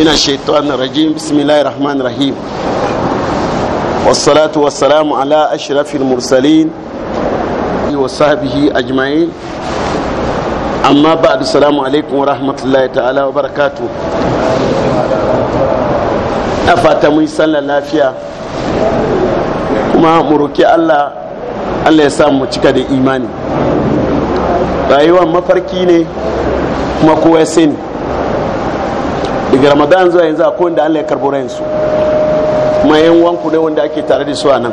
من الشيطان الرجيم بسم الله الرحمن الرحيم والصلاة والسلام على أشرف المرسلين وصحبه أجمعين أما بعد السلام عليكم ورحمة الله تعالى وبركاته أفاتا من صلى لافيا كما مروكي الله الله يسامو تكاد إيماني رأيوان مفركيني ne kuma daga ramadan zuwa yanzu akwai wanda allah ya karbo rayansu kuma yan wanku ne wanda ake tare da su a nan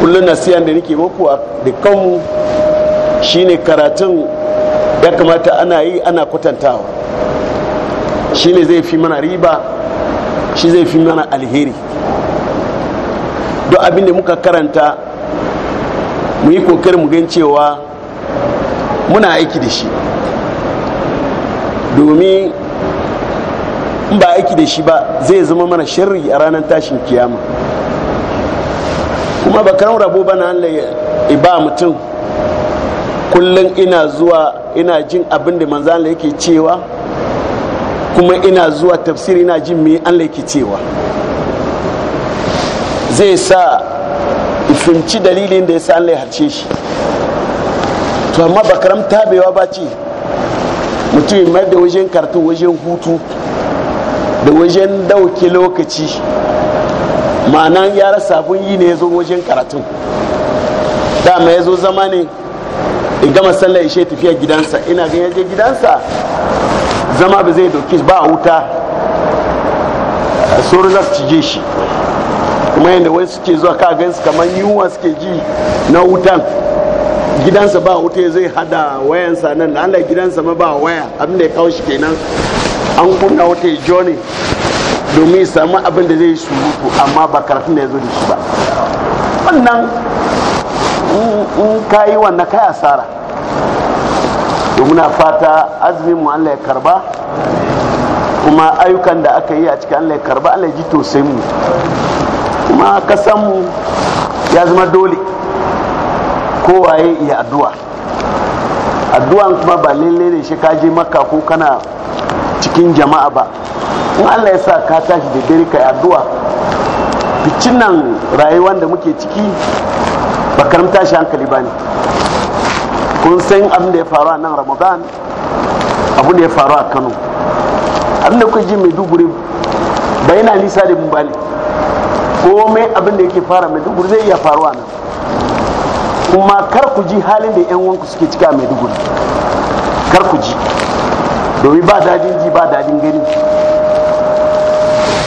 kullum nasiyan da nake muku a dukkanmu shine karatun ya kamata ana yi ana kwatantawa shine zai fi mana riba shi zai fi mana alheri don abin da muka karanta mu yi kokarin mu gan cewa muna aiki da shi domin in ba aiki da shi ba zai zama mana sharri a ranar tashin kiyama kuma ba karan rabo ba na Allah ba mutum kullum ina zuwa ina jin abin da manzan Allah yake cewa kuma ina zuwa tafsiri ina jin me Allah yake cewa zai sa ifinci dalilin da ya sa Allah ya harce shi to amma ba karam tabewa ba ce mutum mai da wajen kartu wajen hutu da wajen dauki lokaci ma'ana ya rasa abun yi ne ya zo wajen karatun dama ya zo zama ne in gama sallar ishe tafiya gidansa ina ga yaje gidansa zama ba zai doki ba wuta sauri za su cije shi kuma yadda wai suke zuwa ka su kamar suke ji na wutan gidansa ba wuta zai hada wayansa nan da allah gidansa ma ba waya abinda ya kawo shi kenan an kunna wata ijo domin samu abin da zai surutu amma ba karfin da ya zo da shi ba wannan in ka yi wannan kai asara domin na fata azumin mu Allah ya karba kuma ayyukan da aka yi a cikin Allah ya karba Allah ya ji tosai mu kuma kasan mu ya zama dole kowaye ya addu'a addu'an kuma ba lalle ne shi je maka ko kana cikin jama'a ba in allah ya sa ka tashi da dare ka addu'a bikin nan rayuwar da muke ciki ba karamta shi hankali ba ne kun san abin da ya faru a nan ramadan abin da ya faru a kano abin da kuka ji mai dubure ba yana nisa da mu ba ne komai abin da yake fara mai dubure zai iya faruwa nan kuma kar ku ji halin da 'yan wanku suke cika mai dubure kar ku ji domin ba dadin ji ba dadin gani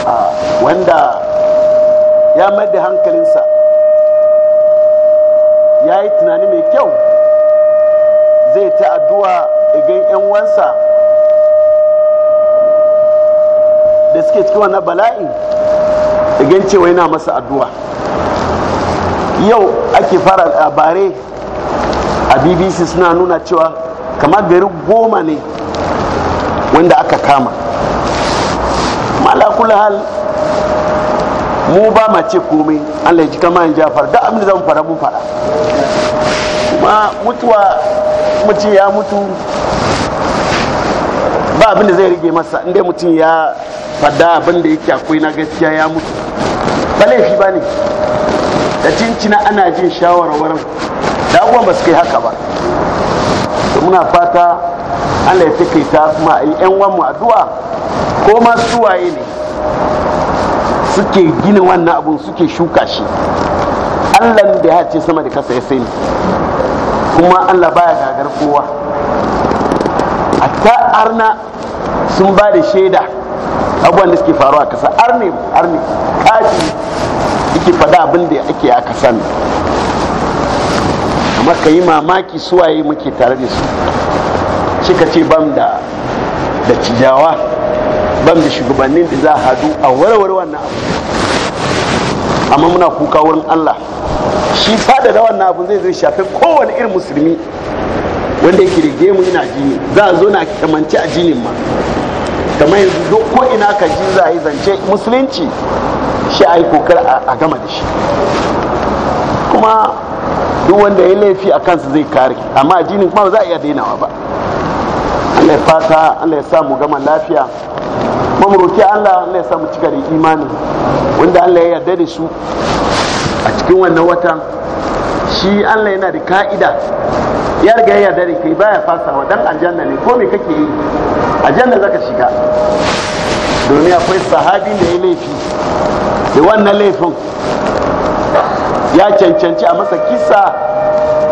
ah, wanda ya mai da hankalinsa ya yi tunani mai kyau zai ta addu'a igan 'yan wansa da suke cikin wannan bala'i igan cewa yana masa addu'a yau ake fara labarai a bbc suna nuna cewa kamar gari goma ne wanda aka kama malakul hal mu ba ma ce komai allah ya ji kama jafar da abin da zan fara mun fara kuma mutuwa mutum ya mutu ba abin da zai rige masa inda mutum ya fada abin da yake akwai na gaskiya ya mutu ba laifi ba ne da cincina ana jin shawarwarin da abubuwan ba su kai haka ba muna fata Allah ya ta kuma a yi yan wanmu addu'a ko ma suwaye ne suke gina wannan abun suke shuka shi Allah da ya ce sama da kasa ya sai kuma Allah baya gagar kowa a ta arna sun ba da shaida abubuwan da suke faruwa a kasa arne arne kaji yake fada abin da ake a kasan amma ka yi mamaki suwaye muke tare da su ka ce bam da da cijawa bam da shugabannin da za a hadu a warware wannan abu amma muna kuka wurin Allah shi fada da wannan abu zai zai shafi kowane irin musulmi wanda yake rige mu ina jini za a zo na kamanci a jinin ma kamar yanzu duk ko ina ka ji za a yi zance musulunci shi a yi kokar a gama da shi kuma duk wanda ya laifi a kansa zai kare amma addinin kuma ba za a iya dainawa ba Allah fata Allah ya sa mu gama lafiya mu Allah Allah ya sa mu cika da imani wanda Allah ya yarda da su a cikin wannan watan shi Allah yana da ka'ida ya riga ya yarda da kai baya fasawa dan aljanna ne ko me kake yi aljanna zaka shiga domin akwai sahabi da ya laifi da wannan laifin ya cancanci a masa kisa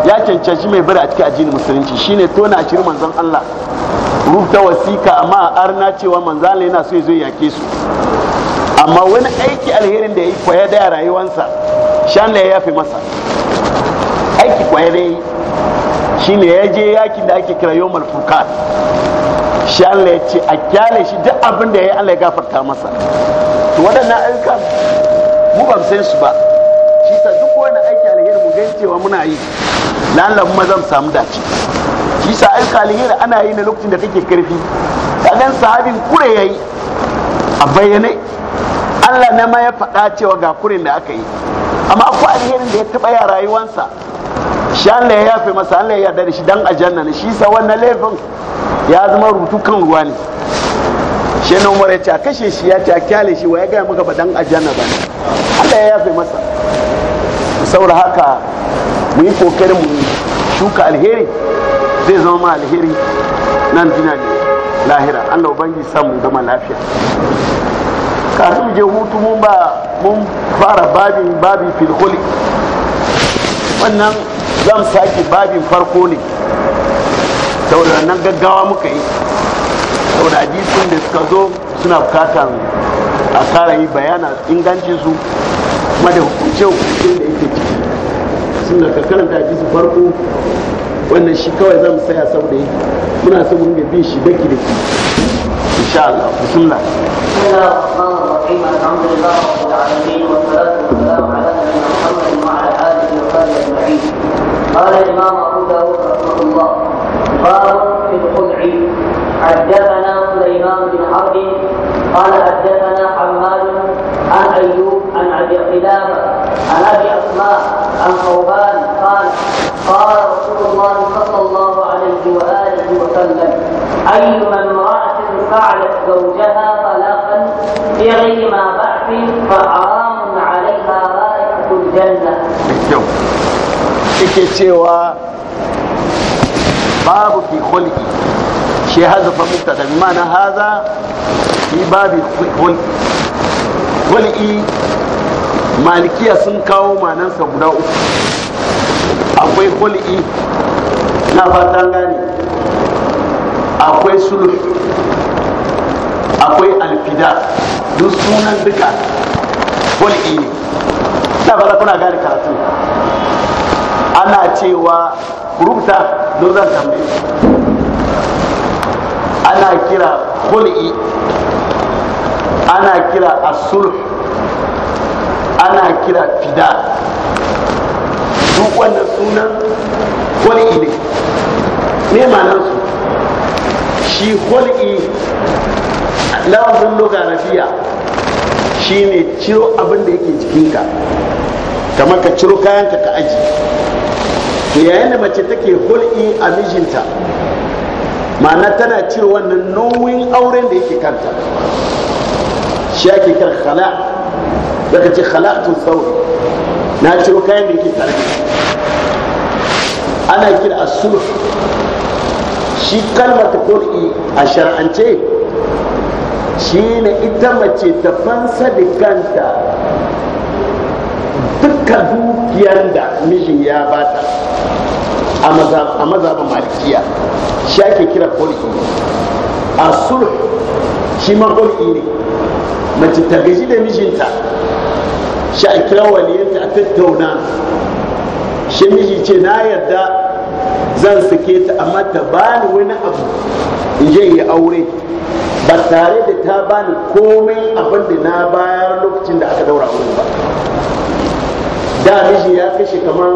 ya cancanci mai bari a cikin ajiyar musulunci shi shine tona ashirin manzon Allah rubuta wasika amma a arna cewa manzon Allah yana so ya zo yake su amma wani aiki alherin da ya yi kwaya da rayuwansa shan ya yafe masa aiki kwaya da ya yi shine ya je yakin da ake kira yau malfuka shan ya ce a kyale shi duk abin da ya yi Allah ya gafarta masa to waɗannan ayyukan mu ba san su ba gan cewa muna yi lalan kuma zan samu dace shi sa ayyuka alheri ana yi na lokacin da kake karfi kagan sahabin kure yayi a bayyane Allah na ma ya faɗa cewa ga kurin da aka yi amma akwai alherin da ya taɓa ya rayuwansa shi Allah ya yafe masa Allah ya yarda da shi dan aljanna ne shi sa wannan laifin ya zama rubutu kan ruwa ne shi ne umar ya ce a kashe shi ya ce a kyale shi wa ya gaya maka ba dan aljanna ba Allah ya yafe masa saura haka mu yi kokarin mu shuka alheri zai zama ma alheri nan dina ne lahira allah ubangi samu gama lafiya kafin je hutu mun ba mun fara babin babi filholi wannan zan sake babin farko ne saboda nan gaggawa muka yi saboda hadisin da suka zo suna bukatan a kara yi bayana ingancinsu kuma da hukunce da yake ciki suna ka karanta ji farko wannan shi kawai zamu saya saboda yi muna so mun bin shi daki daki insha Allah bismillah قال الإمام أبو داود رحمه الله باب في الخزع حدثنا سليمان بن حرب قال حدثنا حماد عن ايوب عن ابي قلابه عن ابي اسماء عن قوبان قال قال رسول الله صلى الله عليه واله وسلم ايما امراه فعلت زوجها طلاقا بغير ما بعث فحرام عليها رائحه الجنه. Ike cewa babu fi khulqi shi hazafa mubtada bi ma'ana hadha fi babi wali'i malikiya sun kawo manansa guda uku akwai wali'i na fatan gane akwai sulh akwai alfida duk sunan duka wali'i ne na fata kuna gane karatu ana cewa rubuta don zan tambaye ana kira wali'i ana kira asul ana kira fida duk wannan sunan hul'i ne me ma'anar su shi hul'i lafazin lugarafiya shi ne ciro abin da yake jikinka kamar ka ciro kayanka ka aji to yayin da mace take hul'i a mijinta ma'ana tana cire wannan nauyin auren da yake kanta shi ake khala daga ce khala'atun sauri na ciro kayan da yake tare ana kira asur shi kalmar ta kori a shar'ance shi ne ita mace ta fansa da kanta duka dukiyar da mijin ya bata a mazaban malikiya shi ake kira kori a sulh shi ma kori ne mace ta gaji da mijinta shi a kira waliyanta a tattauna shi miji ce na yarda zan sake ta amma ta bani wani abu in je yi aure ba tare da ta bani komai abin na bayar lokacin da aka daura aure ba da miji ya kashe kamar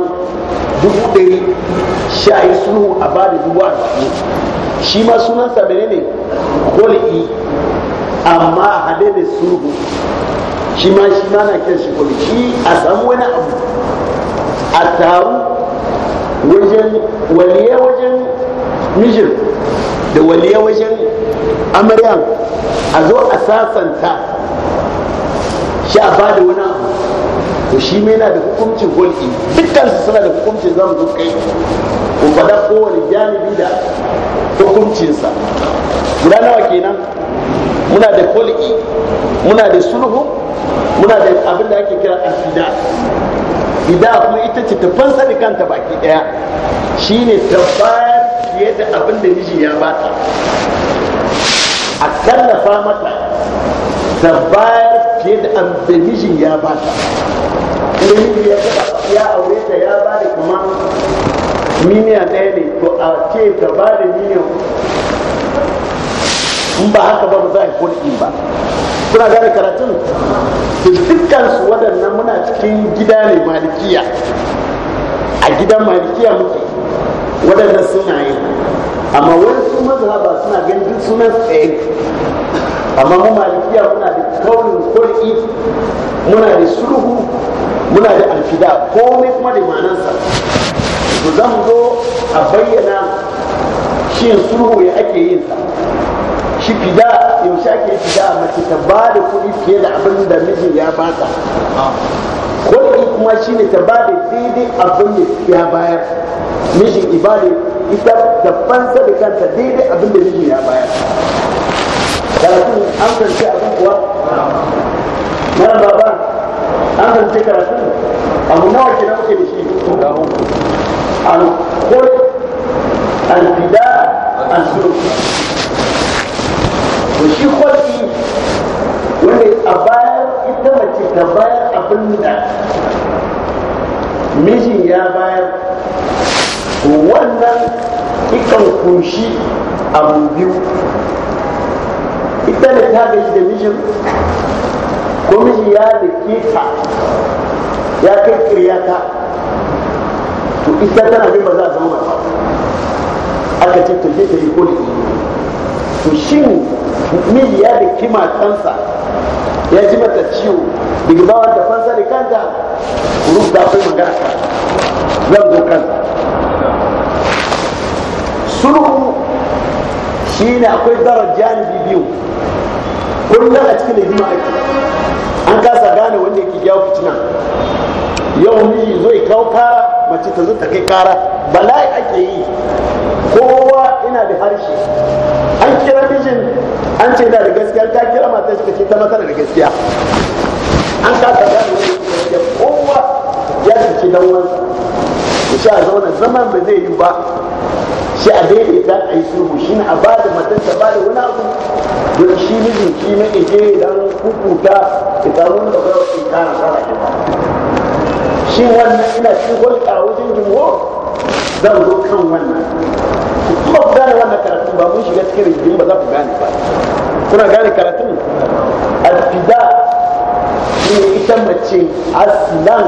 dubu ɗari sha yi sulhu a bada dubu a shi ma sunansa menene ne amma a hade da sulhu shi ma shi ma na kyan shi kuma shi a samu wani abu a taru wajen waliya wajen mijin da waliya wajen amaryan a zo a sasanta shi a bada wani abu to shi mai na da hukuncin hulki dukkansu suna da hukuncin zamu zo kai ku faɗa kowane janibi da hukuncinsa guda nawa kenan muna da kulki muna da sulhu muna da abin da ake kira alfida ida kuma ita ce ta fansa da kanta baki daya shine ta bayar fiye da abin da miji ya bata a tallafa mata ta bayar fiye da da miji ya bata Kuma miji ya taba ya aure ta ya bada kuma miliyan daya ne to a ce ta bada miliyan in ba haka ba ba za a yi ba suna gane karatun to dukkansu waɗannan muna cikin gida ne malikiya a gidan malikiya muke waɗannan suna yi amma wasu mazhaba suna gani duk sunan tsaye amma mu malikiya muna da kaunin kulki muna da sulhu muna da alfida komai kuma da manansa to zan zo a bayyana shi sulhu ya ake yin sa shi fida yaushe ake fida mace ta ba da kuɗi fiye da abin da mijin ya ba ta kuɗi kuma shi ne ta ba da daidai abin da ya bayar mijin ibada ita da fansa da kanta daidai abin da mijin ya bayar Karatu an fahimci abin kuwa mara baba an fahimci karatu? abu nawa ke na muke da shi al-kuɗi al-fida al-suluki to shi kwaɗi wanda a bayar ita mace ta bayar abin da mijin ya bayar wannan ikan kunshi abu biyu ita da ta gaji da mijin ko miji ya da keta ya kai ƙiryata to ita tana bin ba za a zama aka ce ta je ta yi to mil ya da kima kansa ya ji mata ciwo bawa da fansa da kanta ruf da akwai magana ka zan zo kanta sulhu shine akwai daraja ne biyu kullum a cikin hijima ake an kasa gane wanda yake jawo fitina yau miji zo ya kawo kara mace ta zo ta kai kara bala'i ake yi kowa ina da harshe an kira mijin an ce da gaskiya ta kira matar shi kace ta matar da gaskiya an ka ta da da kowa ya ci dan shi a zauna zaman ba zai yi ba shi a daidaita a yi sulhu shi a ba da matan ta ba da wani abu don shi mijin shi na ije dan hukuta ta tsaro da ba ta shi kana shi wannan ina cikin hulɗa wajen zan zo kan wannan kuma ku gane wannan karatun ba mun shiga cikin rigidin ba za ku gane ba kuna gane karatun alfida ne ita mace asilan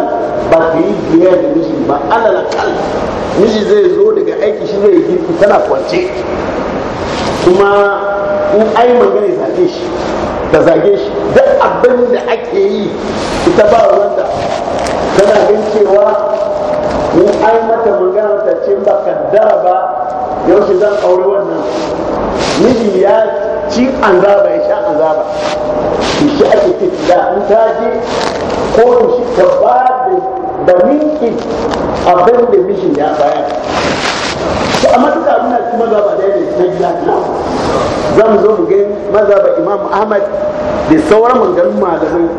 ba ta yi biyar da miji ba alal kal miji zai zo daga aiki shi zai yi tana kwance kuma in ai magana zage shi da zage shi duk abin da ake yi ita ba ruwanta tana gan cewa in an mata magana ta ce ba kaddara ba yaushe zan aure wannan miji ya ci azaba ya sha azaba ki shi ake ce da an taje ko in shi ta ba da minki abin da miji ya baya to amma duka abin da kuma ba da yake na gida za mu zo mu ga ba imam ahmad da sauran ga malamai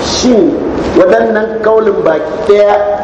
shin waɗannan kaulin baki ɗaya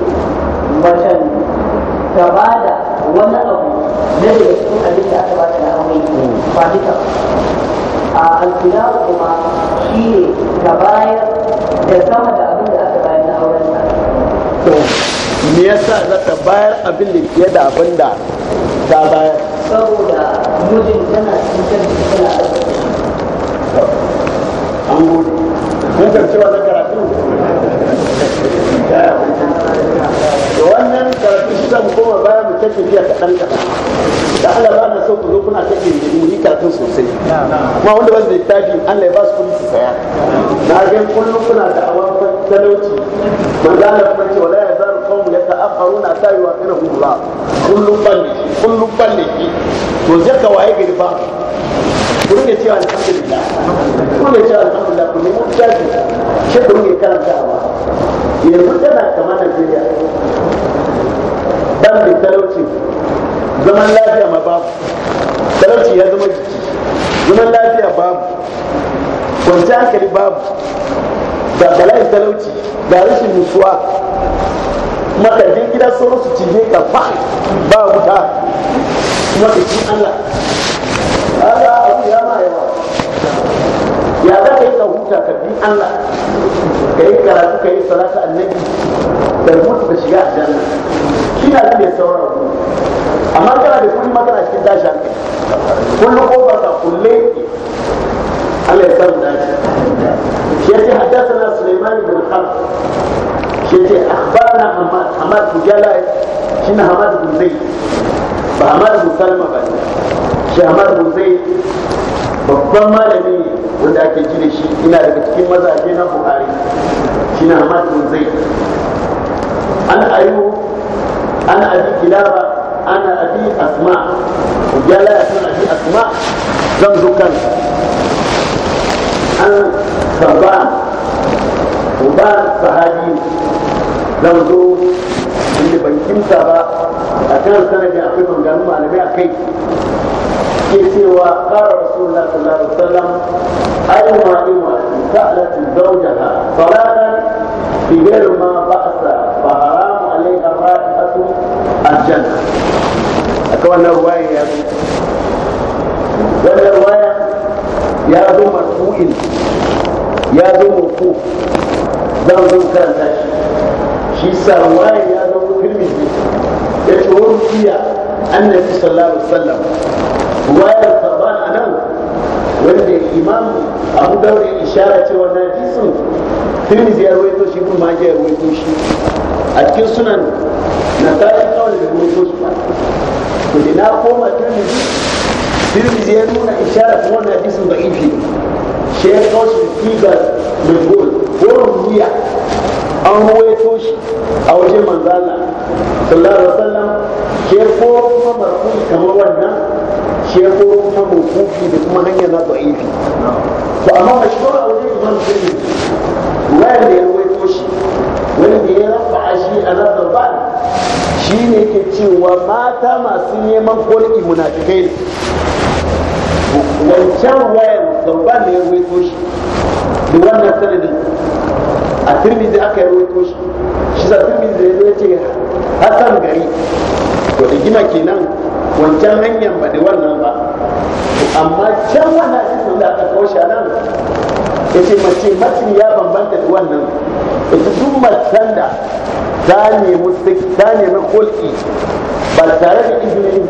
watan ta ba da wani abu na daga cikin abinda aka ba ta na aure ba duka a alfiyawa kuma shi ne ka bayar da sama da abin da aka bayar na auren me yasa za ta bayar abin da fiye da abin da ta bayar saboda mijin tana cikin tana da an gudu mun cewa zaka ta tafiya kaɗan kaɗan da Allah ba na so ku zo kuna ta gindin ni kafin sosai kuma wanda wasu littafi Allah ya ba su kuɗi su saya na ga kullum kuna da awan talauci manzana kuma ce wala ya zaru kawo ya ta'akharuna ta yi wa kana hula kullum balle kullum balle ki to zai ka waye gari ba ku rinka cewa alhamdulillah ku rinka cewa alhamdulillah ku mu tafi shi ku rinka karantawa yanzu tana kamar Najeriya mai talauci zaman lafiya ma babu talauci ya zama jiki zaman lafiya babu kwanci hankali babu da bala'in talauci da rashin nutsuwa makardin gida sauran su cije ka ba ba wuta kuma ka ci Allah Allah abu ya ma yawa ya za ka yi ka huta ka bi Allah ka yi karatu ka yi salata annabi da mutu ka shiga a aljanna ina abin da saura amma kana da kuɗi ma kana cikin tashi hankali kullum kofar ka kulle Allah ya samu dace shi bin shi Hamad Hamad Hamad bin Zaid ba Hamad bin Salma ba shi Hamad bin Zaid babban malami ne wanda ake ji da shi ina daga cikin mazaje na Buhari shine Hamad bin Zaid an ayu أنا أبي كلابة أنا أبي أسماء وقال لا أسماء أبي أسماء زمزو كان أنا صربان وبان صحابي زمزو اللي بيتم سابا أكان سنة جاء في من قالوا أنا بيع كيف كيف قال رسول الله صلى الله عليه وسلم أيما أيوة إما سألت زوجها صلاة في غير ما بعد aljanna aka wannan ruwaya ya zo wannan ruwaya ya zo marfu'in ya zo marfu zan zo karanta shi shi sa ruwaya ya zo tirmidhi ya ce an na fi sallallahu alaihi wasallam ruwayar saban anan wanda imam abu daure ishara cewa na jisun tirmidhi ya ruwaito shi kuma ya ruwaito shi a cikin sunan na tashi bai ruwaito su ba to da na koma tirmidhi tirmidhi ya nuna ishara kuma wannan hadisin ba ifi ne shi ya kawo shi figar mai gol gorin wuya an ruwaito shi a waje manzala sallallahu alaihi wasallam shi ya ko kuma marfu'i kamar wannan shi ya ko kuma mawqufi da kuma hanya na ba ifi to amma mashhur a wajen imam tirmidhi wanda ya ruwaito shi wanda ya rafa shi a lafzar ba shi ne ke cewa mata masu neman kwalki munafikai ne wancan wayan zamba ne ya ruwaito shi da wannan sanadin a tirmidhi aka yi ruwaito shi shi za tirmidhi da ya ce Hassan gari wadda gina kenan wancan hanyar ba da wannan ba amma can wannan hadisin da aka kawo shi nan ya ce mace mace ya bambanta da wannan ita sun macen da ta nemi ta nemi kulki ba tare da izinin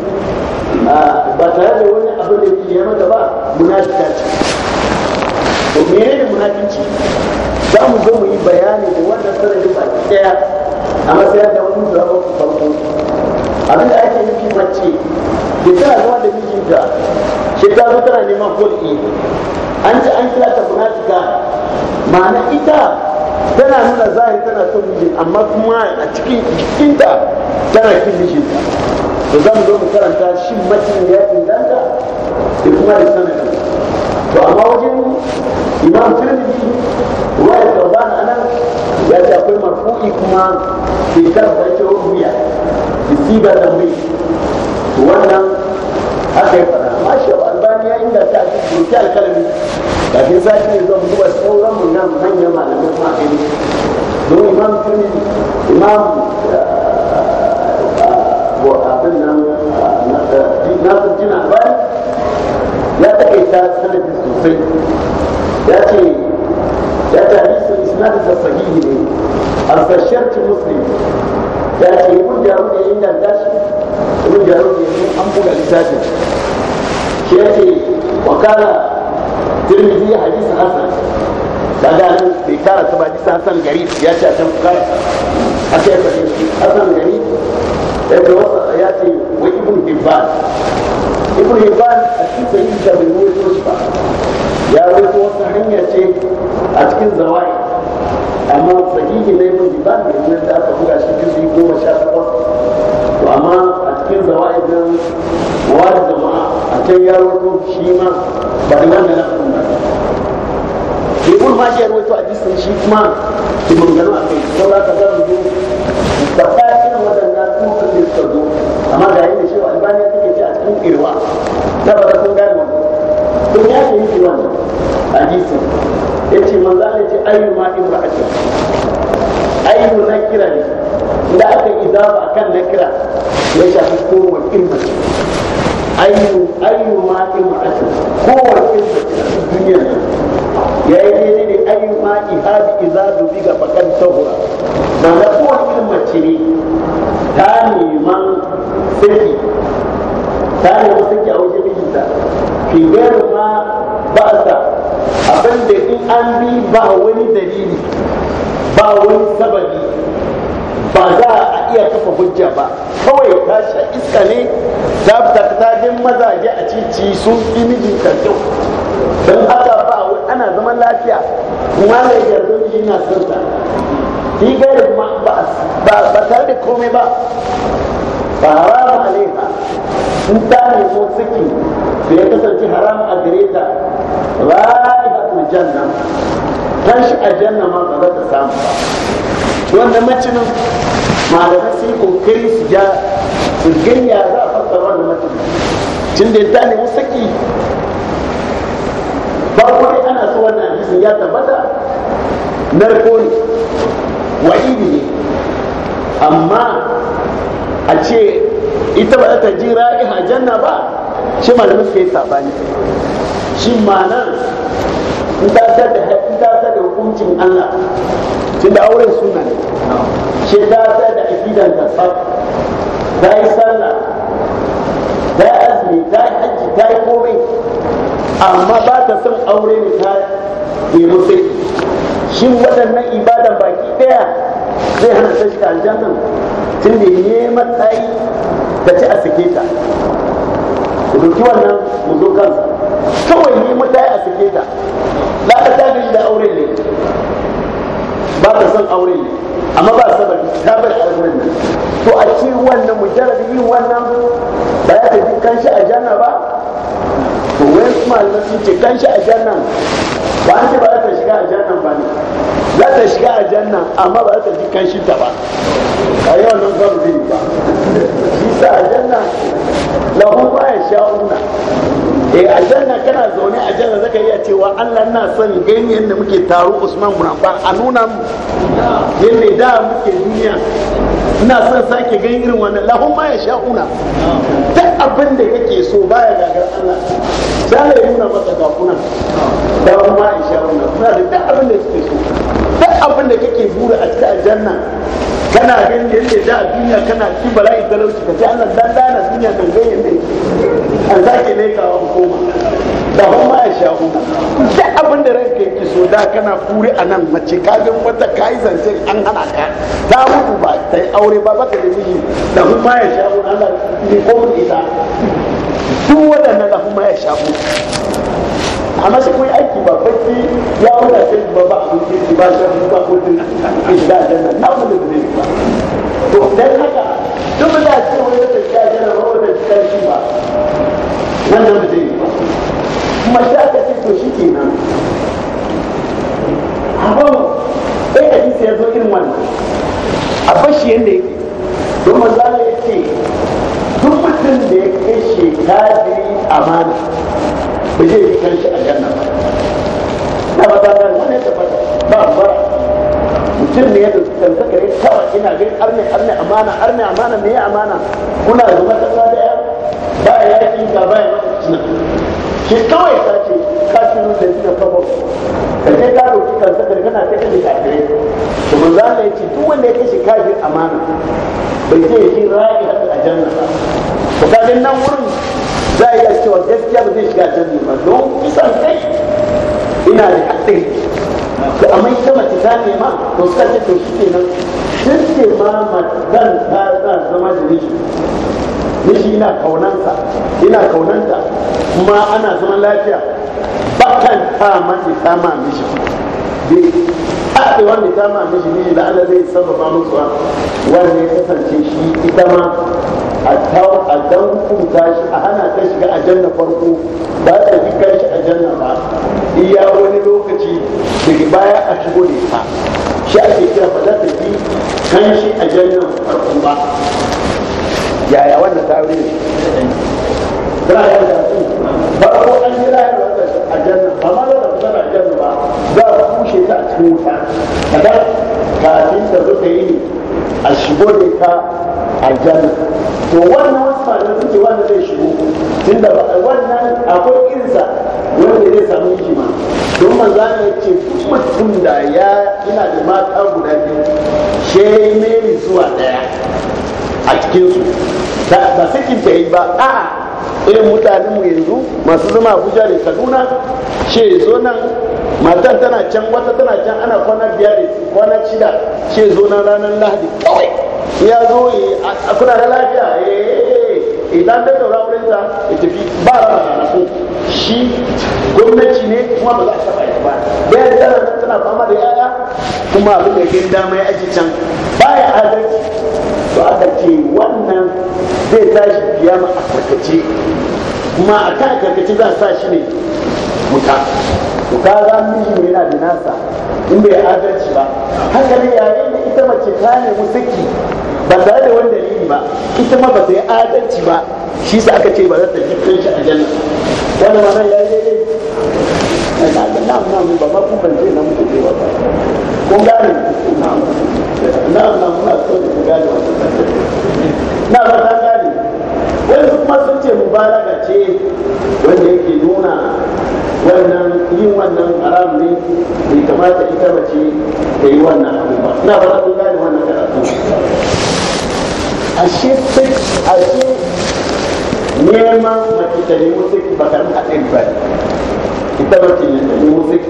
ba tare da wani abu da ya mata ba munafika ce to menene munafici za mu zo mu yi bayani da wannan sanadi ba daya a matsayin da wani zuwa farko abin da ake nufi mace da tana zuwa da mijinta ke ta zo tana neman kulki an ci an kira ta munafika ma'ana ita tana nuna zahiri tana son miji amma kuma a cikin jikinta tana kin miji to za mu zo mu karanta shi matin ya inganta da kuma da sanadi to amma wajen imam tirmidhi ruwa ya tarbana ya ce akwai marfu'i kuma ta karanta ce ruya da siba da mai wannan haka ya fara masha ɗauki alkalami kafin sati ne zan duba sauran mu nan manyan malamai kuma a gani don imam tuni imam ah, ah, ah, abin nan na jina albani ya taƙaita sanadin sosai ya ce ya ce hadisin isnadinsa sahihi ne a sasharci muslim ya ce ibn jaru da ya inganta shi ibn jaru da ya an buga littafin shi ya ce وقال ترمذي حديث حسن kaga nan kara ta baji hassan gari ya ce a can fuka a ce ka ya ce wasa ya ce wa ibn hibban ibn hibban a cikin da yin da bai ruwaito shi ba ya ruwaito wata hanya ce a cikin zawai amma sahihi da aka buga shi cikin sha to amma cikin zawa'idin wani jama'a a can ya rawaito shi ma ba da nan da nan kuma ibn ma shi ya rawaito a jisun shi kuma su mangano a kai sau saura ka zan zo da ɗakin waɗanda sun kace suka zo amma da yi da shi albaniya take ce a cikin irwa ta ba ta sun gane wani sun ya ce yi ke wani a jisun ya ce manzana ce ayyuma in ba a imra'atin aihu na kira ne da aka idafa akan na kira ya shafi kowane immaci aihu aihu ma immaci kowane immaci a duniya ya yi daidai ne aihu ma ihabi izadu biga bakan tahura na da kowane immaci ne ta neman saki ta neman saki a wajen mijinta fi ma ba sa abin da in an bi ba wani dalili ba wani sababi ba za a iya kafa hujja ba kawai ta sha iska ne ta jin mazaje a cici sun fi mijinta kyau don haka ba ana zaman lafiya kuma mai yarda miji na son ta fi ma ba tare da komai ba ba haram alaiha in ta nemo da ya kasance haram a gare ta ra'ihatul janna tashi aljanna ma ba za ta samu ba wanda macinin malamai sai yi kokari su ja su ganya za a fasa wannan macinin tun da ya nemi saki ba kuma ana so wannan hadisin ya tabbata narko ne wa'idi ne amma a ce ita ba ta ji ra'iha janna ba shi malamai suka yi sabani shi ma nan in ta da hukuncin Allah tunda auren suna ne shi ta ta da akidan da sab ta yi sallah ta yi azumi ta yi hajji ta yi komai amma ba ta son aure ne ta yi rufe shin waɗannan ibadan baki ɗaya zai hana ta shiga aljannan tun da ne matsayi ta ci a sake ta ku wannan mu zo kansa kawai ni mu ɗaya a sake ta ba ta ta da aure ne ba ta son aure ne amma ba sababi ta bar aure nan to a ce wannan mujarrabi yin wannan ba ya tafi kanshi a janna ba to wai kuma sun ce kanshi a janna ba an ce ba ta shiga a janna za ta shiga a janna amma ba za ta ji kan ta ba a yau nan zan zai ba shi sa a janna lahu ba ya sha'una e eh, a janna kana zaune a janna zaka iya cewa Allah na son ganyen da muke taro Usman bin a nuna mu yadda da muke duniya ina son sake gan irin wannan lahun ma ya una duk abin da kake so baya gagar Allah sai ya nuna masa gafuna da ma ya una kuna da duk abin da kake so duk abin da kake bura a cikin aljanna kana ganin yadda za a duniya kana ci bala'i talauci ka ce Allah dan dana duniya kan ganin ne an sake ne kawo koma da kuma ya shafu duk abin da ranka yake so da kana kuri a nan mace ka ga wata kayi zance an hana ka ta mutu ba ta yi aure ba ba ta da miji da kuma ya shafu Allah ne ko mun ita duk waɗannan da kuma ya shafu amma shi kun aiki ba baki ya wuce shi ba ba abin kirki ba shi ba kudin isla da nan na mu da zai ba to dan haka duk da cewa wani da ya jira ba wanda ya shi ba wannan da zai ba kuma mace aka ce to shi ke nan amma ɗaya da jinsa ya zo irin wannan a bashi yadda yake don mazala ya ce duk mutum da ya kai shekari amana ba zai yi kan shi a janna ba na ba ta wani ya tabbata ba ba mutum ne ya dauki kansa kare kawai ina gai arne arne amana arne amana me amana kuna zama ta da ya ba ya yi ga ba ya mata shi kawai ka ce kafin da suka kama ka ce ka roki kansa da kana ta kashe kafirai to manzo Allah ya ce duk wanda ya kashe kafir amana bai ce yi ra'i a janna ba to kaga nan wurin za a iya cewa gaskiya ba zai shiga janna ba don kisan kai ina da haɗari to amma ita mace ta nema to suka ce to shi kenan shi ke ma zan ta zama da miji ya shi ina kaunanta ina kaunanta kuma ana zaman lafiya bakan ta mace ta ma mishi bai haɗe wanda ta ma mishi ne da Allah zai sababa musu wanda ya kasance shi ita ma a dan hukunta shi a hana ta shiga aljanna farko ba ta kai shi aljanna ba iya wani lokaci daga baya a shigo da ita shi ake kira ba za ta fi kan shi aljanna farko ba yaya wannan tawili ne za a yi da ko farko an yi rayar wannan aljanna ba ma da su zama aljanna ba za a kushe ta a cikin wuta kadan kafin ta zo ta yi a shigo da ta aljanna to wannan wasu malamai suke wanda zai shigo tunda wannan akwai irinsa wanda zai samu hikima don man za ne ce mutum da ya ina da mata guda biyu she meri zuwa daya a cikinsu. ba su ta yi ba a irin mutanen mu yanzu masu zama abuja da kaduna ce zo nan matan tana can wata tana can ana kwana biyar kwana shida ce zo nan ranar lahadi kawai ya zo eh, a kuna da lafiya eh, idan da daura wurin ta ya tafi ba na ko shi gwamnati ne kuma ba za a taba ba bayan tana tana fama da yaya kuma abin da ke dama ya aji can baya adalci to aka ce wannan zai tashi kiyama a karkace kuma a kan karkace za sa shi ne wuta to ka ga mijin yana da nasa in bai adalci ba haka ne yayin da ita mace ta nemi saki ba tare da wani dalili ba ita ma ba ta yi adalci ba shi sa aka ce ba za ta ji kan shi a janna wani ma ya yi ne na ga nan nan ba ma kuma zai nan ku ba kun gane na'am na muna so da mu gane na ba ta gane wani kuma sun ce mubalaga ce wanda yake nuna wannan yin wannan haram ne bai kamata ita mace da yi wannan abu ba na ba ta gane wannan karatu ashe a ashe neman mace ta nemi sik ba kan haɗin ba ita mace ta nemi sik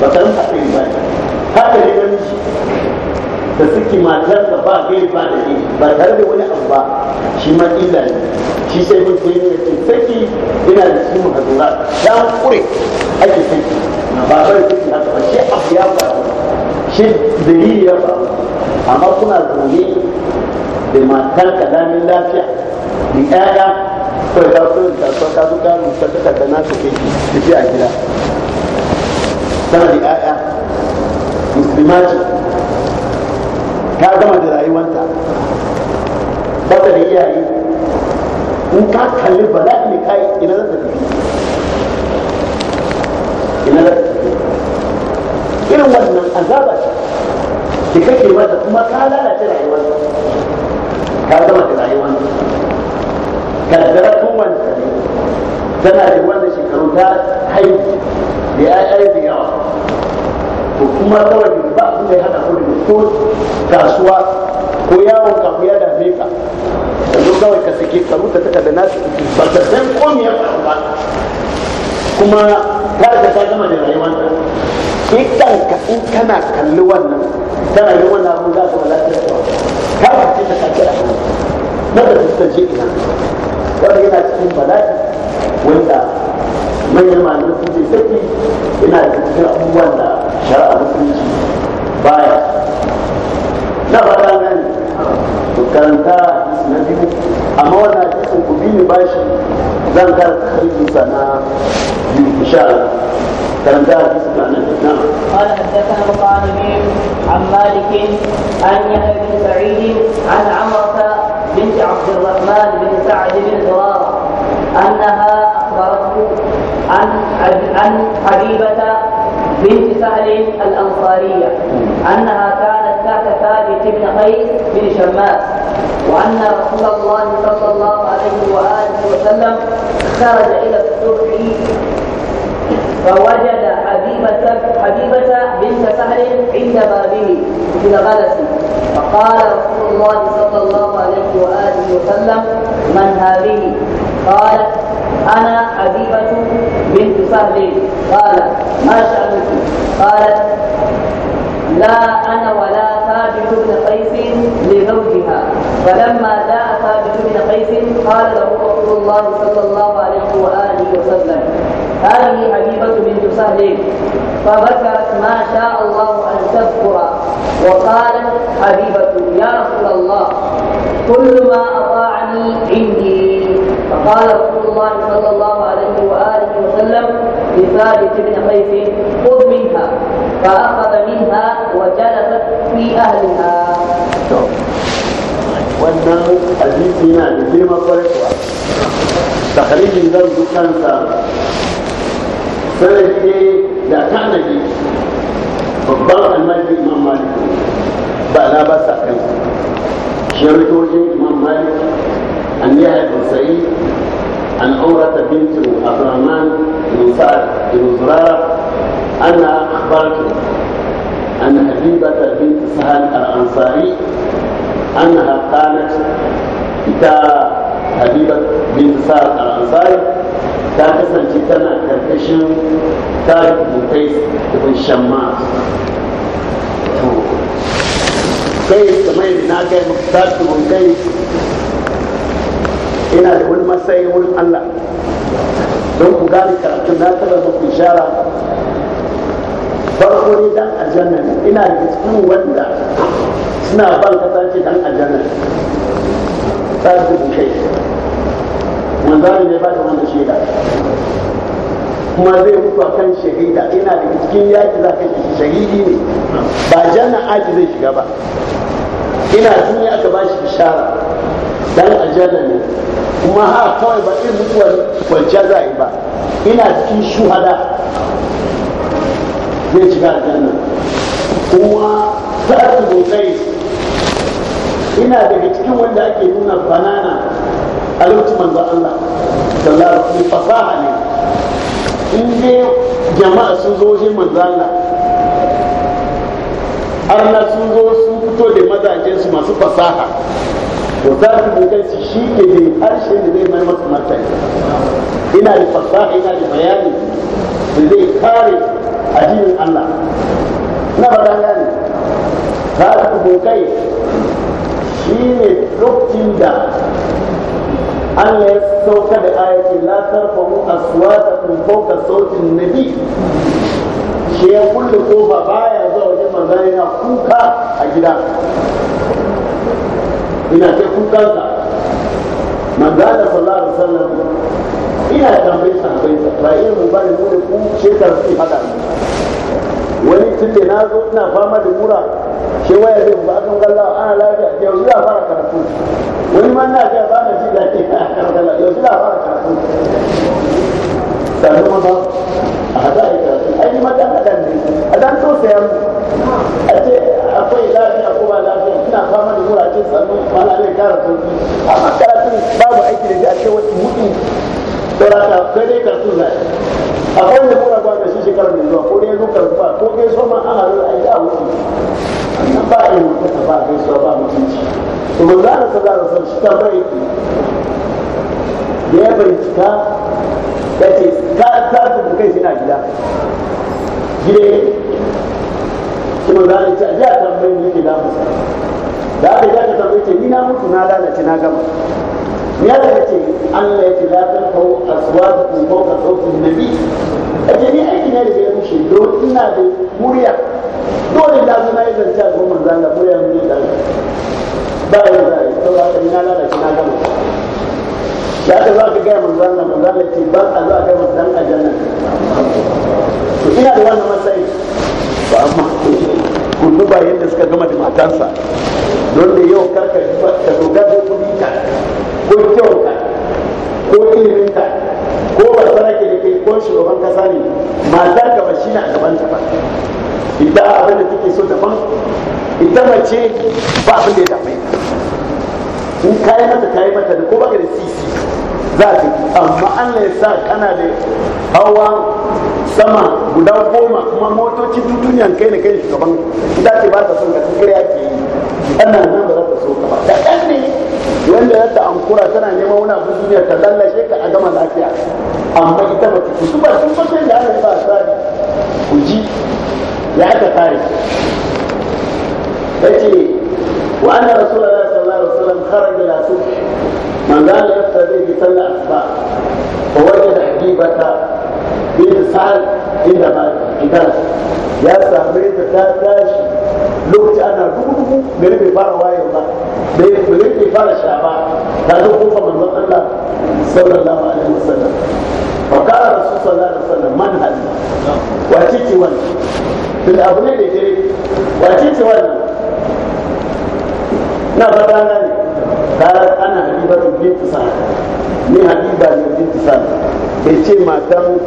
ba kan haɗin ba haka ne namiji da suke da ba gai ba da shi ba tare da wani abu ba shi ma illa ne shi sai mun koyi da ce saki ina da shi muhazura ta kure ake saki ba bari saki haka ba shi abu ya faru shi dalili ya faru amma kuna zaune da matarka damin lafiya da 'ya'ya kawai ta kudin kasuwa ka zo ka ta duka da nasu ke tafiya a gida sanadi da 'ya'ya ta gama da rayuwanta ba ta da iyaye in ka kalli bala'i ne kai ina za ta tafi ina za ta tafi irin wannan azaba ce da kake mata kuma ka lalace rayuwar ka gama da rayuwar kaddara kun wanta ne tana da wannan shekaru ta haihu da ya'ya da yawa to kuma kawai ko kasuwa ko yawon kafu ya dame ka yanzu kawai ka sake ka rubuta takarda nasu ba ta san komi ya faru ba kuma ta da ta gama da rayuwanta ta shi kanka in kana kalli wannan ta yi na abin za ka wala ta da ka ka ce ta kake da hannu na da fuskance ina wanda yana cikin bala'i wanda manyan malamin sun ce saki yana da cikin abubuwan da shara'a musulunci baya shagala nan to karanta hadisi na biyu amma wannan hadisin ku biyu bashi zan kara tarihi sana biyu insha Allah karanta hadisin na nan na'am qala haddathana muqaddimim an malik an yahya bin sa'id an amrata bint عبد الرحمن بن سعد بن زرارة أنها أخبرته عن عن حبيبة بنت سهل الأنصارية أنها كانت ثابت بن قيس بن شماس وأن رسول الله صلى الله عليه وآله وسلم خرج إلى الصبح فوجد حبيبة حبيبة بنت سهل عند بابه في غلس فقال رسول الله صلى الله عليه وآله وسلم من هذه؟ قالت أنا حبيبة بنت سهل قال ما شأنك؟ قالت لا أنا ولا ثابت بن قيس لزوجها فلما جاء ثابت بن قيس قال له رسول الله صلى الله عليه واله وسلم هذه حبيبة بنت سهل فبكت ما شاء الله أن تذكر وقالت حبيبة يا رسول الله كل ما أطاعني عندي فقال رسول الله صلى الله عليه وآله وسلم لثابت بن قيس خذ منها فأخذ منها وجلست في أهلها wannan hadisi yana da girma kwarai kuwa takarijin zan dukansa sanar shi da tanadi babban almajin imam malik ba na ba sa kan sharitocin imam malik an yi haifar sayi an aurata bintu abdurrahman bin sa'ad bin ana أخبرت أن حبيبة بنت سهل الأنصاري أنها قالت إذا حبيبة بنت سهل الأنصاري ta kasance tana karkashin tarik mutai ibn shamma to kai kamar na kai muku tarik mutai ina da wani matsayi wurin allah don ku gane karatun na taba muku ishara farko ne dan aljanna ne ina da cikin wanda suna ban kasance ce dan aljanna ta su bushe manzari ne ba da wanda shaida kuma zai mutu a kan shahida ina da cikin yaki za ka shi shahidi ne ba janna aji zai shiga ba ina duniya aka ba shi bishara dan aljanna ne kuma ha kawai ba irin mutuwar kwanciya za a yi ba ina cikin shuhada zai ga aljanna kuma sa'atu bin ina daga cikin wanda ake nuna banana a lokacin manzo Allah sallallahu alaihi wasallam fasaha ne in dai jama'a sun zo wajen manzo Allah Allah sun zo sun fito da mazajen su masu fasaha to za su bukanci shi ke da harshe da zai mai masa martani ina da fasaha ina da bayani da zai kare addinin Allah na ba ta gane ta ta bokai shi ne lokacin da Allah ya sauka da mu la tarfamu aswatakum fawqa sautin nabi shi ya kulle kofa baya zuwa wajen manzo yana kuka a gida ina ta kukansa manzo Allah sallallahu alaihi wasallam ina tambayi sa ba irin ba ne ku shekar su hada ne wani cike na zo ina fama da mura shi waya zai ba a sun lawa ana lafiya yau zuwa fara karatu wani ma na ga ba na ji da ke kalla yau zuwa fara karatu sannan ma a hada a yi karatu ai ma dan hada ne a dan so sayan a ce akwai lafiya ko ba lafiya ina fama da mura ce sannu ma na zai kara sauki amma karatu babu aiki da shi a ce wata mutum saboda ka kai dai karatu zai akwai ne mura ba da karatu zuwa ko dai karfa ko dai so ma ana zo a a wuce annan ba a yi mutunta ba a gaisuwa ba mutunci to manzo ana sallallahu alaihi wasallam shi ta bai da ya bai cika ya ce ta ta tafi kai shi na gida gida shi manzo ana ce a ji a tambayi ne ke sa. da aka ji aka tambayi ce ni na mutu na lalace na gama ya daga ce Allah ya ce la tanfau aswajukum fawqa sawti na nabi a jini aiki ne da ya mushe don ina da murya dole na zama ya zance a goma zanga murya murya da ba ya zai to ba ta la da kina gama ya ta za ka ga mun zanga mun zanga ti ba a za ka mun zanga Allah to ina da wannan matsayi ba amma kun duba yadda suka gama da matansa don da yau karka ka dogar da kudi ka ko kyau ka ko ilimin ka ko ba sarake tsohon shugaban kasa ne mata gaba shi na gaban ta ba ita abin da take so daban ita mace ba abin da ya dame ta in kayi mata kayi mata da ko baka da sisi za ta amma Allah ya sa kana da hawa sama guda goma kuma motoci duniyan kai ne kai shugaban ita ce ba ta son ka tafiya ke yi Ana nan ba za ta so ka ba da ɗan ne wanda ya ta ankura tana neman wani abu duniya ta lallashe ka a gama lafiya amma ita ba ta su ba sun fashe da ana ba sa ku ji ya aka kare ta ce wa anna rasulullahi sallallahu alaihi wasallam Ma la subh man da yaftadi bi sallah wajen fa wajada bata. bin sa'ad inda idan ya same ta ta tashi lokaci ana dubu ne bai fara wayo ba gari bai fara sha ba ta zo kofa manzon Allah sallallahu alaihi wasallam fa qala rasul sallallahu alaihi wasallam man hadi wa tiki wan bil abu ne da gari wa tiki wani na fata na ne ta ana hadibatu bin sa'ad ni habiba ne binti sami bai ce matan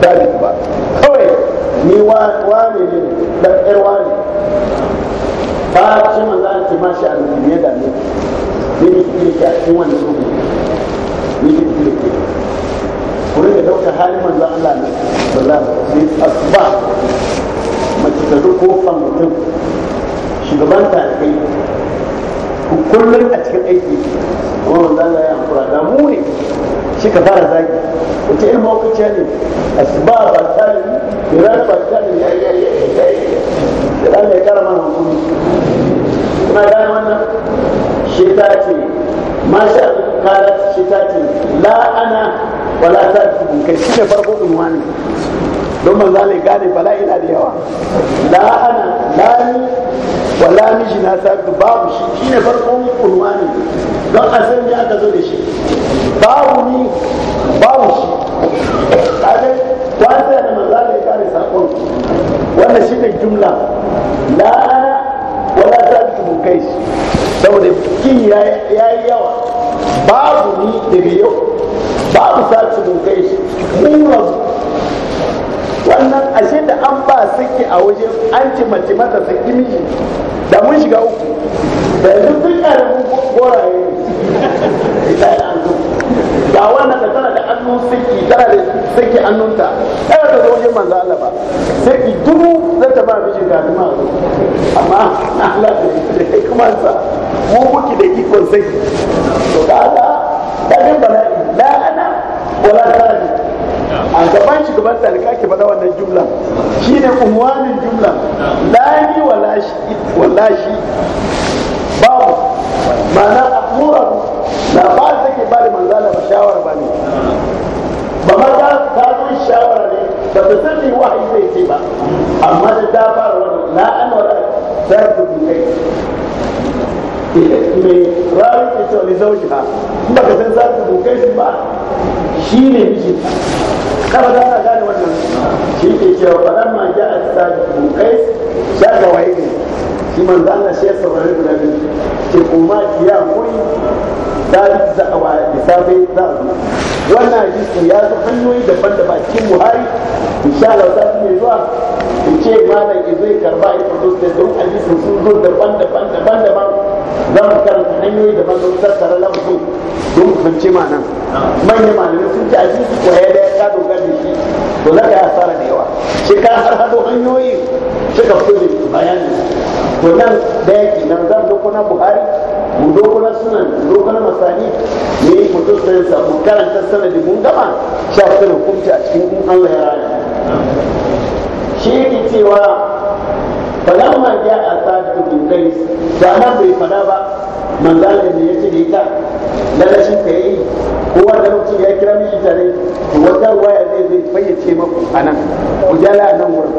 tarik ba kawai ni wane ne da yar wane a ce ma za a ce mashi a rubu ne da ne ne ne ke ke a cikin wani rubu ne ne ke ke ku rika daukar halin manzo Allah ne ba za su sai asuba mace ta zo kofar mutum shugaban ta kai kullum a cikin aiki kuma manzo Allah furada mu ne shi ka fara zagi wace irin mawukaciya ne asba ba tsari bira ba tsari ya ya ya ya ya ya ya kara mana hukumi kuna gane wannan shi ta ce masha kala shi ta ce la ana wala ta tubu kai shi ne farko ɗumuwa ne don manzo ne gane bala ina da yawa la ana la ni wala miji na sabi babu shi shi ne farkon ne don a san me aka zo da shi babu ni babu shi kaga wanda da maza da ya kare sakon wanda shi ne jumla na ana wala sabi mu kai shi saboda kin yi yawa babu ni daga yau babu sabi mu kai shi mu wannan ashe da an suke a waje an ce mace mata saki miji da mun shiga uku da yanzu duk mun goraye ne ita ya an ga wannan da tana da annun suke tana da suke annunta tana da zo manzo Allah ba saki duru da ta ba mijin kafin ma amma na Allah da sa mu muke da ikon sai to kaga ta bala'i la ana wala ta a gaban shugaban talika ke faɗa wannan jumla shi ne unwanin jumla lani walashi walashi babu ma'ana akura na ba ta ke ba da manzala ba shawara ba ne ba ma za ta zo shawara ne ba ta sani wahayi zai ce ba amma da ta fara wannan la'an wala ta bi kai mai rayu ke cewa ne zauji ha in ba ka san za bi kai shi ba shi ne mijinta kama za ka gane wannan shi ke cewa faɗan ma ja a sadi kai ya ka waye ne shi manzo Allah shi ya saurari guda biyu ke kuma ya muri sadi za a waye da safe za a zuwa wannan hadisi ya zo hanyoyi daban da cikin buhari insha Allah za su mai zuwa in ce malam ya zai karba ya fito da don hadisin sun zo daban daban daban daban za mu karanta hanyoyi daban don tattara lafazin don ku fahimce ma nan manyan malamai sun ji a cikin kwaya da ya dogara da shi to za ka yi asara da yawa sai ka har hado hanyoyi suka fito da bayanin to nan da yake nan zan doko na buhari mu doko na sunan doko na masani ne mu zo sai karanta sanadi mun gama sha fito hukunci a cikin in Allah ya raya shi yake cewa falamma ja'a sadiq bin qais da nan bai fada ba manzalin ne ya ce da ita lalashin ka yi ko wanda mutum ya kira mishi tare to wata waya zai zai fayyace maku a nan ku jala a nan wurin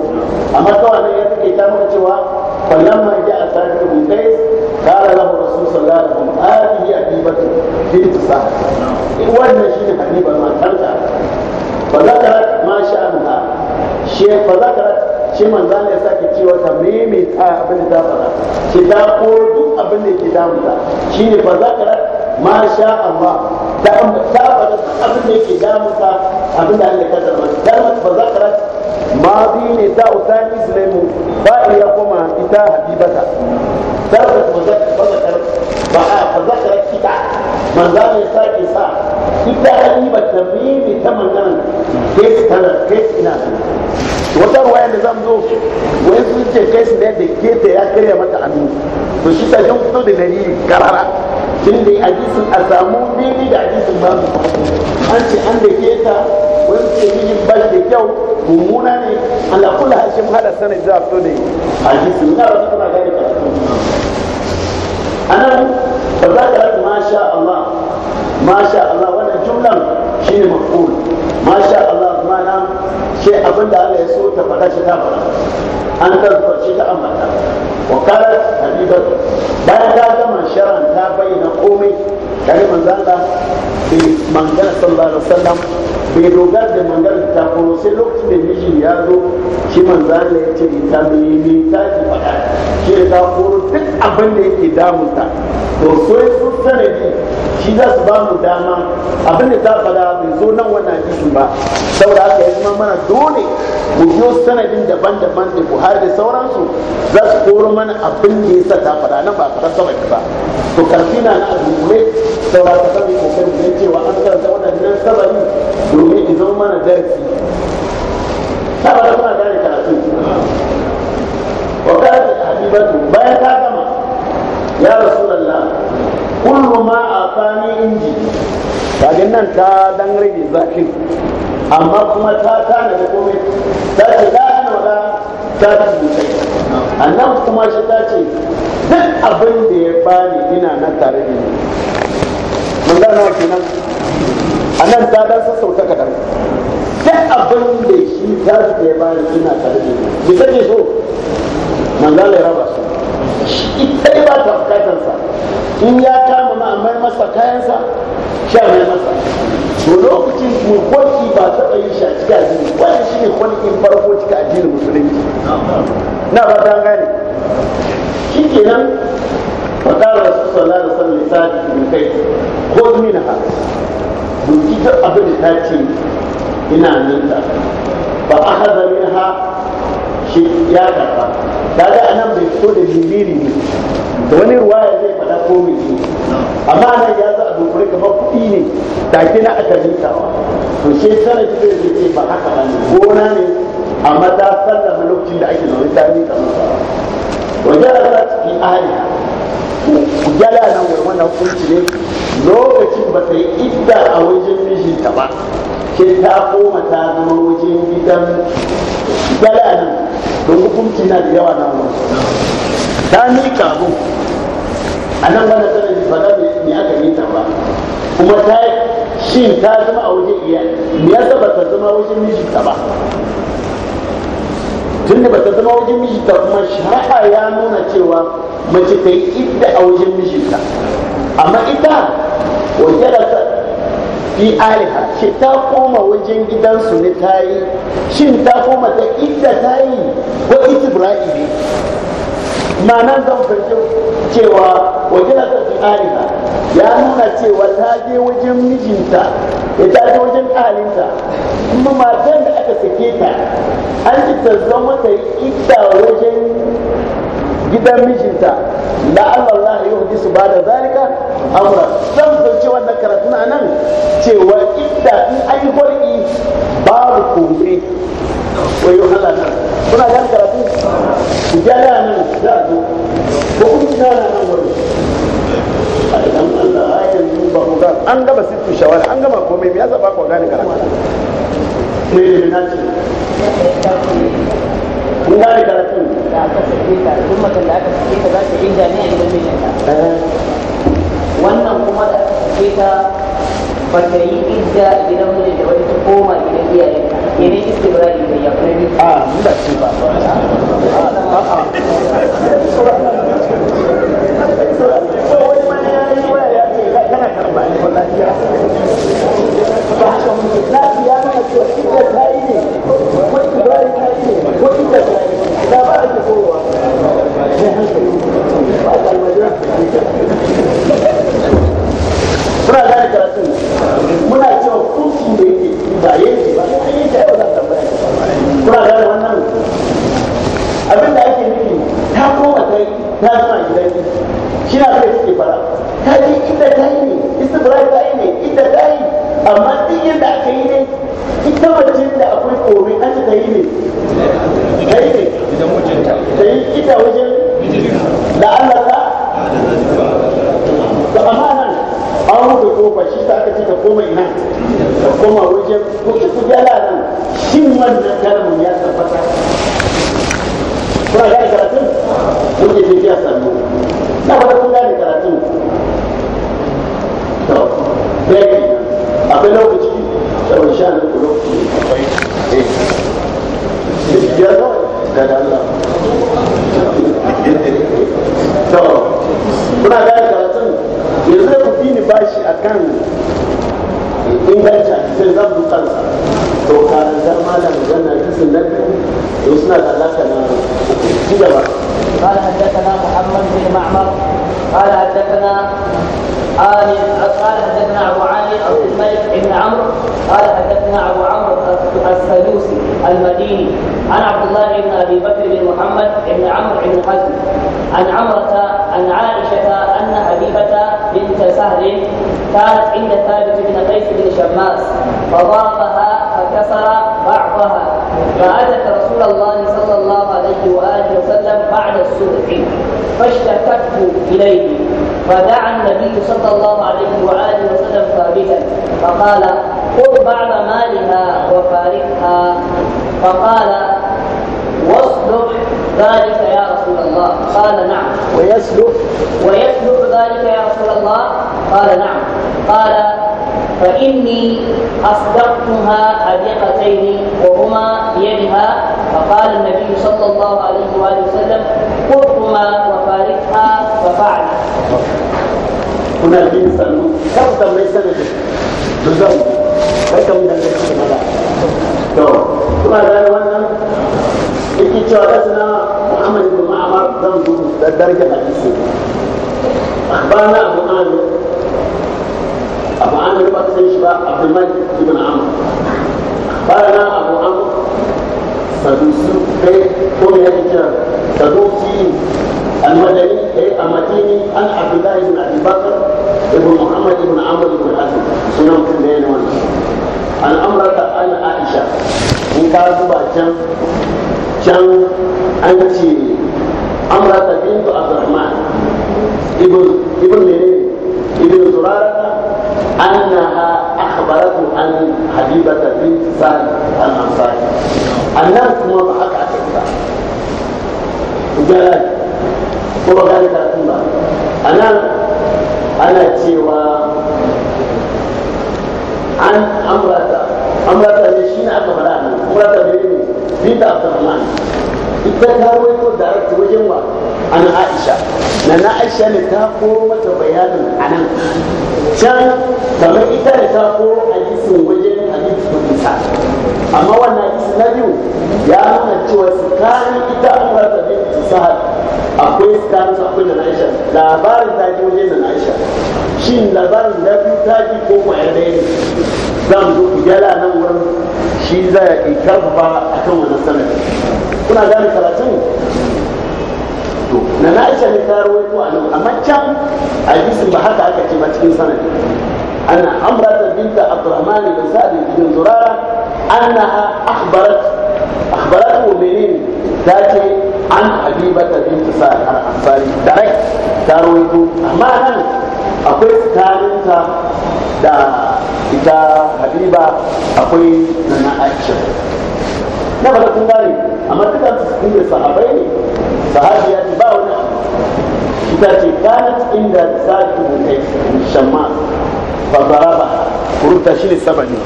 amma kawai nan ya take ta maka cewa falamma ja a sa'ad ibn qais qala lahu rasul sallallahu alaihi wasallam hadihi abibatu bint sa'd wannan ne hadiba matarsa fa zakarat ma sha'anha shi fa zakarat shi manzo Allah ya sake cewa ta ta abin da fara faɗa ki ta ko duk abin da ke damunta shine fa zakara ma sha Allah ta ambata faɗa abin da yake damunta abin da Allah ya za ka fa ma bi ne ta usani sulaimu ba iya kuma ita habibata zarfat fa ka ba fa zakara ta manzo za ya sake sa ita ba ta maimaita maganar kai tana ke ina wata ruwaya da zan zo wai sun ce kai su da keta ya karya mata hannu to shi ta don fito da dalili karara tun da hadisin a samu daidai da a hadisin ba an ce an da keta wani ce mijin ba da kyau mummuna ne ala kula hashim hada sana za a fito da hadisin na rasu tana gane ka anan ba za ka rasu masha Allah masha Allah wannan jumlan shine maqul masha kenan sai abin da Allah ya so ta faɗa shi ta faɗa an karfar shi ta ambata wa qalat habiba bayan ta gama sharan ta bayyana komai kare manzo Allah bi manzo sallallahu alaihi wasallam bai dogar da manzo ta kono sai lokacin da miji ya zo shi manzo Allah ya ce ta mi ne ta ki faɗa shi ta kono duk abin da yake damunta to sai su sanadi shi za su ba mu dama abin da ta fada bai zo nan wannan hadisi ba saboda haka ya zama mana dole mu biyo sanadin daban-daban da buhari da sauransu za su koro mana abin da ya sa ta fada nan ba fada saboda ba to karfi na na azumure saboda ta sani kokarin ne cewa an karanta waɗannan sabari domin ya zama mana darasi saboda muna gane karatu wa da habibatu bayan ta gama ya rasulullah kullu ma a tsani inji kajin nan ta dan rage zafin amma kuma ta tana da komai ta ce da ana wada ta rubuta annan kuma shi ta ce duk abin da ya bani ina na tare da ni mun gano kenan annan ta dan sassauta kadan duk abin da shi ta da ya bani ina tare da ni me kake so manzo ya raba shi ita ba ta bukatar in ya kama ma mai masa kayansa sha mai masa to lokacin mulkoki ba ta yin shi a cikin addini wannan shine kwalikin farko cikin addinin musulunci na ba ta gane shi ta ba su sallallahu alaihi lissafi bin kai ko minha duki ta abin da ta ce ina ninta ba a haza ha shi ya karba ga anan bai fito da jiriri ne da wani ruwaya zai fada ko mai su amma nan ya za a dokuri kamar kuɗi ne ke na aka wa to shi sanadi zai zai ba haka ba ne gona ne amma ta sallama lokacin da ake zaune ta rika masa wajen rasa cikin ku gyala nan wai wannan hukunci ne lokacin ba ta yi idda a wajen mijinta ba ke ta koma ta zama wajen gidan gyala nan don hukunci na da yawa nan wani ta miƙa abu a nan wani sanin ba za mu aka yi ta ba kuma ta yi shi ta zama a wajen iya me yasa ba ta zama wajen mijinta ba tunda ba ta zama wajen mijinta kuma shari'a ya nuna cewa mace ta yi idda a wajen mijinta amma ita wajen fi aliha shi ta koma wajen gidansu ne ta yi shin ta koma ta idda ta yi ko ita itibra'i ne ma'anar zan fahimci cewa wajen da alina ya nuna cewa ta je wajen mijinta ya ta je wajen alinta kuma matan da aka sake ta an ji ta zama ta yi ita wajen gidan mijinta la Allah ya yi su ba da zalika amra zan cewa da karatu na nan cewa ita in an yi babu kome wayo nan kuna gane karatu ku gyara nan za ku ko kun ji nan nan wurin an gaba sittu shawara an gama komai me yasa ba ku gane karatu ne ne na ce kun gane karatu da aka kuma da aka sake ta za ta inda ne a gidan wannan kuma da aka ta bata yi idda gidan mijin da wani koma gidan iyayen ya ne istibrari bai ya kuma bi a ba ce ba Thank ah, ah, you. Ah. muna gane karatun muna cewa kursu da yake ba yake ba yake yau zan tambaya kuna gane wannan abin da ake nufi ta koma ta yi ta zama gidan shi na zai suke fara ta yi inda ta yi ne istibrai ta yi ne inda ta yi amma duk yadda aka yi ne ita mace da akwai kome an ta yi ne ta yi ne ta yi ita wajen da Allah ba shi sa aka ce ka koma ina ka koma wajen ko ki ku gala nan shin wannan karamin ya tabbata kuna ga karatun صلى الله عليه وآله وسلم ثابتا فقال خذ بعض مالها وفارقها فقال واصلح ذلك يا رسول الله قال نعم ويصلح ويصلح ذلك يا رسول الله قال نعم قال فإني أصدقتها حديقتين وهما بيدها فقال النبي صلى الله عليه وآله وسلم خذهما وفارقها ففعل kuna jin sannu kan tambayi sanadin duk zan kai kan da kai kuma da to kuma da wannan yake cewa da suna Muhammad ibn Ma'mar zan gudu da darajar ba na Abu Amir Abu Amir ba san shi ba Abdul Malik ibn Amr akhbarana Abu Amr sadusi kai ko ne yake cewa sadusi المدني المتيني عن عبد الله بن ابي بكر ابن محمد بن عمرو بن الحسن سنن بن عن امرك عن عائشه in ka zuba can can an ce amrata bintu abdurrahman ibn ibn ne ibn zurara annaha akhbaratu an habibata bint sa'd al-ansari annan kuma ba haka ake ko ba gane karatun ba a nan ana cewa an amrata ne shi ne aka fara nan amurata ne ne binta abdurrahman ita ta rawaito darakta wajen wa an aisha na na aisha ne ta koro mata bayanin a nan can kamar ita ne ta koro hadisin wajen amma wannan isi na biyu ya nuna cewa tsakanin ita amurka da binti sahal akwai tsakanin akwai da na'isha labarin ta ji wajen da na'isha shin labarin na biyu ta ji ko kwaya ɗaya ne zan zo ku gyara nan wurin shi za ya ke karfafa a kan wannan sanadi kuna gane karatun to na na'isha ne ta rawaito a nan amma can a ba haka aka ce ba cikin sanadi أن حمرة بنت عبد الرحمن بن سعد بن زرارة أنها أخبرت أخبرته منين تاتي عن حبيبة بنت سعد الأنصاري دايركت تارويتو أما أنا أقول كانت دا إتا حبيبة أقول na أكشف aisha na ba kun gane amma duka su ne sahabai ne sahabi ya ce ba wani abu ita ce kanat inda sa'id bin shammas fasaraba rubta shi ne ne.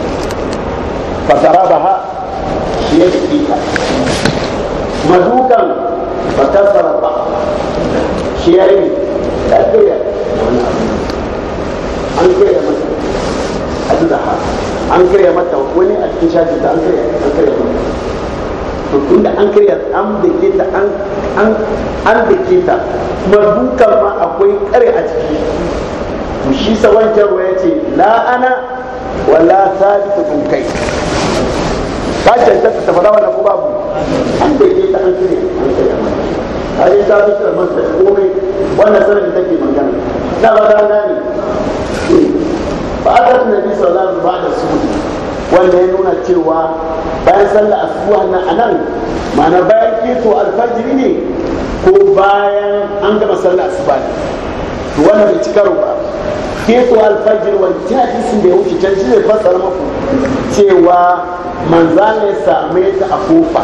fasaraba ha shi ya fi ta madukan fatasara ba shi ya yi ta kiriya an kiriya masa adda ha an kiriya mata wani a cikin shafin da an kiriya an kiriya mata to tun da an karya an dake ta an dake ta kuma dukan ma akwai kare a ciki to shi sa ya ce la ana wala sabitu kun kai ta cancanta ta faɗa wannan ko babu an da yake ta an kire an kai a yi ta fitar masa da komai wannan sanadin take magana na ba ta gane ba a tafi na bisa za mu ba da su wanda ya nuna cewa bayan sallah asuwa na anan ma'ana bayan keto alfajiri ne ko bayan an gama sallah asuba ne to wannan bai ci karo ba to alfajir wani ta hadisin da ya wuce can shi ne fasara maku cewa manzan ya same ta a kofa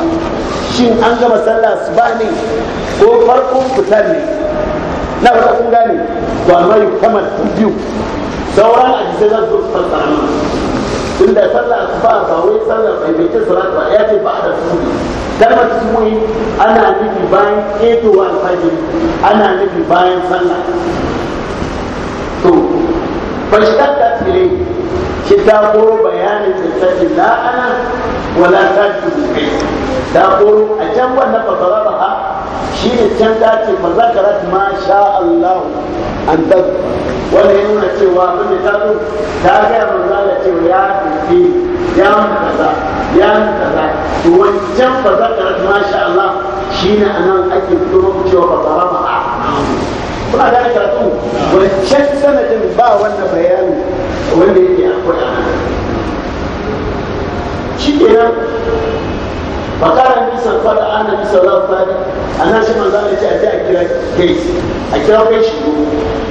shin an gama sallah su ba ne ko farkon fitar ne na ba kun gane ba ma yi kamar biyu sauran zan za su fasara maku tunda sallah ba ba wai sallah bai bai ce salat ba ya ce ba da suwi kalmar suwi ana nufi bayan ƙetowa alfajir ana nufi bayan sallah to fashtattat ilai shi ta koro bayanin tattaci la'ana wala ta tuzukai ta koro a can wannan ba ha shi ne can ta ce mazakarat ma sha Allah an ta wanda ya nuna cewa abin da ta zo ta gaya manzala cewa ya tafi ya kaza ya kaza to wancan fasararra ma sha Allah shi ne a nan ake turo cewa ba ha kuna gane karatu wancan sanadin ba wannan bayani wanda yake a kuɗa shi kenan makara ne san fara an nabi sallallahu alaihi wasallam annan shi manzo ne ce a a kira kai a kira kai shi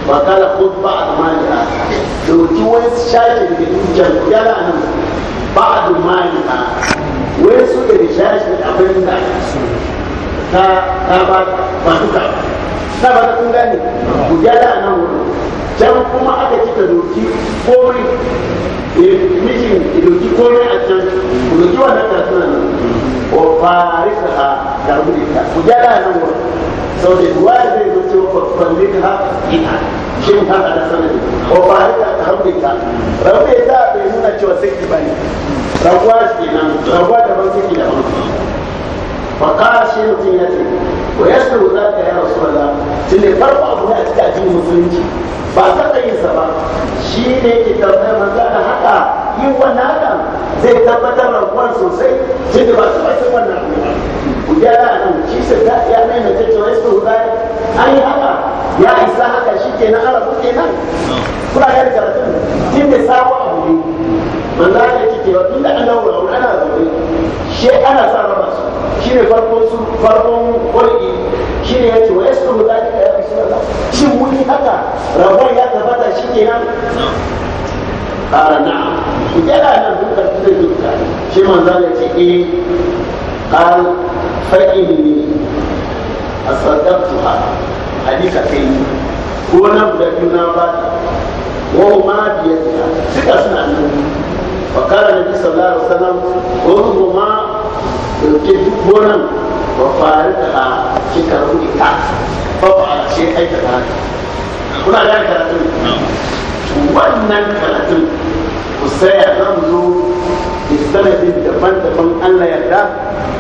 ba kala ko ba almani a doki wani shashi da dukkan yana nan ba a almani a wai su da shashi abin da ta ba ba duka na ba kun ku guda da nan wurin can kuma aka cika doki komai eh, mijin doki komai a can doki wannan kasuwa nan o farisa a karbu da ita guda da nan wurin sau da ruwa da zai zo cewa kwalle ka ha ina shi ta a da sanar o farisa a karbu da ita rabu da ita bai nuna cewa sai ki bane rabuwa shi nan rabuwa daban sai ki daban fakar shi mutum ya ce to ya sanu za ka yi rasu Allah tun da farko abu ne a cikin addinin musulunci ba ta sa ba shi ne ke tambayar manzo da haka yin wannan hakan zai tabbatar rabuwar sosai tun da ba su ba cin wannan abu ku gyara a nan shi sai ta iya mai na cewa ya sanu za an yi haka ya isa haka shi ke nan arabu ke nan kuna yan karatun tun da sabon abu ne manzo da ke cewa tun da ana wura ana zaune shi ana sa raba shi ne farkon su farkon walƙi shi ne ya ce wa yasu mu zaki ka yafi sura shi muni haka rabon ya tabbata shi ke nan ƙara na yana nan dukkan zai dukka shi manzo ya ce eh قال a أصدقتها حديث كيني ko nan da juna ba wa ma biyar suka suna nan fakara da bisa Allah sallam ko ma ɗauke duk gonan ba fara da ba shi karatu ita ba ba a shi aikata haka kuna da karatu wannan karatu ku saya za zo da sanadin daban-daban Allah yarda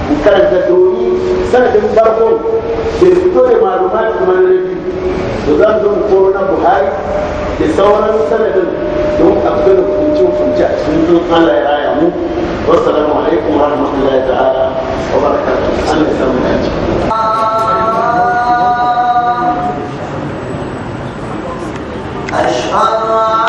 ku karanta domin sanadin farko da fito da malumat kuma na rabi to za zo na Buhari da sauran sanadin don a fito da hukunce-hukunce a cikin Allah ya raya mu والسلام عليكم ورحمه الله تعالى وبركاته